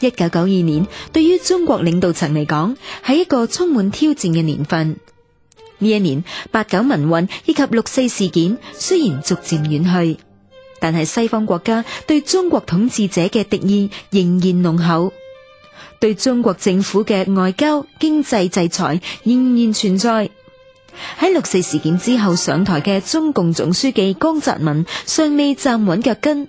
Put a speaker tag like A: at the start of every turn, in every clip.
A: 一九九二年，對於中國領導層嚟講，係一個充滿挑戰嘅年份。呢一年，八九民運以及六四事件雖然逐漸遠去，但係西方國家對中國統治者嘅敵意仍然濃厚，對中國政府嘅外交經濟制裁仍然存在。喺六四事件之後上台嘅中共總書記江澤民尚未站穩腳跟。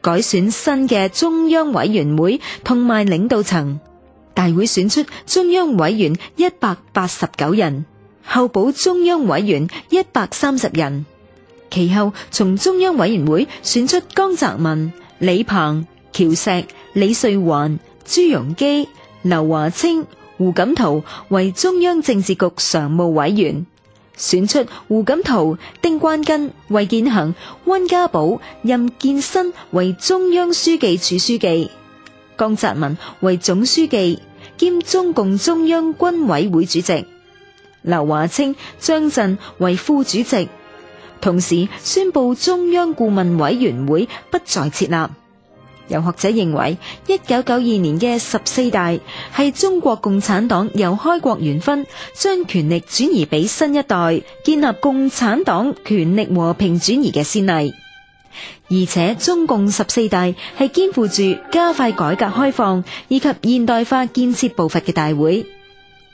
A: 改選新嘅中央委員會同埋領導層，大會選出中央委員一百八十九人，候補中央委員一百三十人。其後，從中央委員會選出江澤民、李鵬、喬石、李瑞環、朱鎔基、劉華清、胡錦濤為中央政治局常務委員。選出胡錦濤、丁關根、魏建行、溫家寶、任建新為中央書記處書記，江澤民為總書記兼中共中央軍委會主席，劉華清、張震為副主席，同時宣布中央顧問委員會不再設立。有學者認為，一九九二年嘅十四大係中國共產黨由開國元勳，將權力轉移俾新一代，建立共產黨權力和平轉移嘅先例。而且中共十四大係肩負住加快改革開放以及現代化建設步伐嘅大會。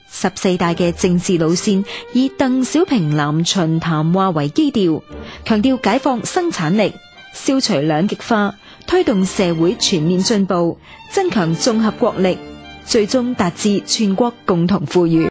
A: 十四大嘅政治路線以鄧小平南巡談話為基調，強調解放生產力。消除兩極化，推動社會全面進步，增強綜合國力，最終達至全國共同富裕。